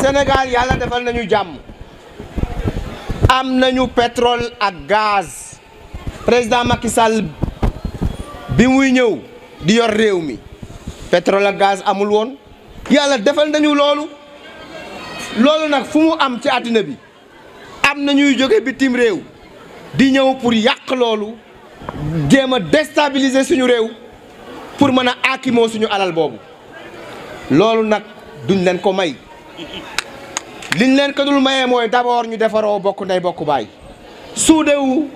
Sénégal yàlla defal nañu jàmm am nañu pétrole ak gaz président Macky Sall bi muy ñëw di yor réew mi pétrole ak gaz amul woon yàlla defal nañu loolu loolu nag fu mu am ci àddina bi am na ñuy jóge bitim réew di ñëw pour yàq loolu jéem a déstabiliser suñu réew pour mën a aakimoo suñu alal boobu loolu nag duñ leen ko may liñ leen ko dul mayee mooy d'abord ñu defaroo bokk ndey bokk baay suudewu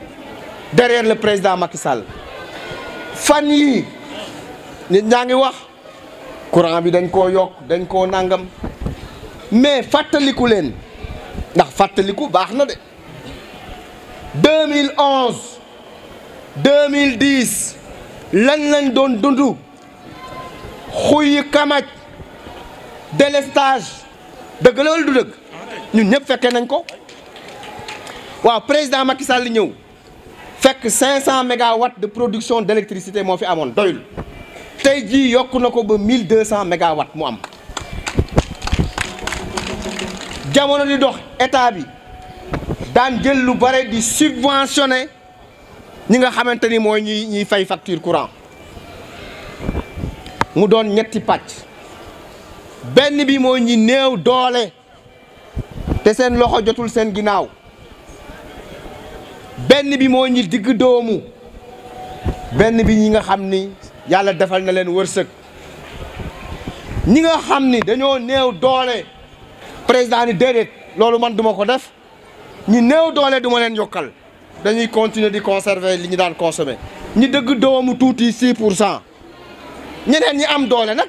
derrière le président Macky Sall fan yii nit ñaa ngi wax courant bi dañ koo yokk dañ koo nangam mais fàttaliku leen ndax fàttaliku baax na de 2011 2010 lan lañ doon dund xuyi kamaj délestage nous la wala du le ñun ñep nañ président Macky Sall 500 mégawatts de production d'électricité mo à fi amone doyul tay ji 1200 mégawatts moi. am di dox état bi daan jël lu bare di subventionné ñi ni ñi facture courant mu doon ñetti benn bi moo ñi néew doole te seen loxo jotul seen ginnaaw benn bi moo ñi digg doomu benn bi ñi nga xam ni yàlla defal na leen wërsëg ñi nga xam ni dañoo néew doole président ni déedéet loolu man duma ko def ñi néew doole duma leen yokkal dañuy continuer di conserver li ñu daan consommer ñi dëgg doomu tuuti 6 pour cent ñeneen ñi am doole nag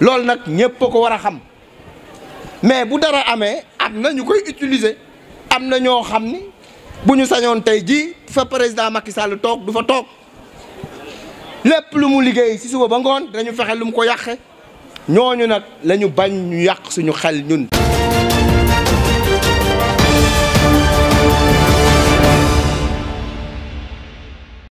Lòl nèk, nye pò kò wara kham. Mè, bù dara amè, amnè njou kòy itulize. Amnè njò kham ni, bù njou sanyon te di, fè prezda makisa lò tok, dò fò tok. Lèp lù mou ligè, si sou wè bangon, rè njou fè kèl lùm kòy akhe. Njò njou nèk, rè njou bè njou yak se njou kèl njoun.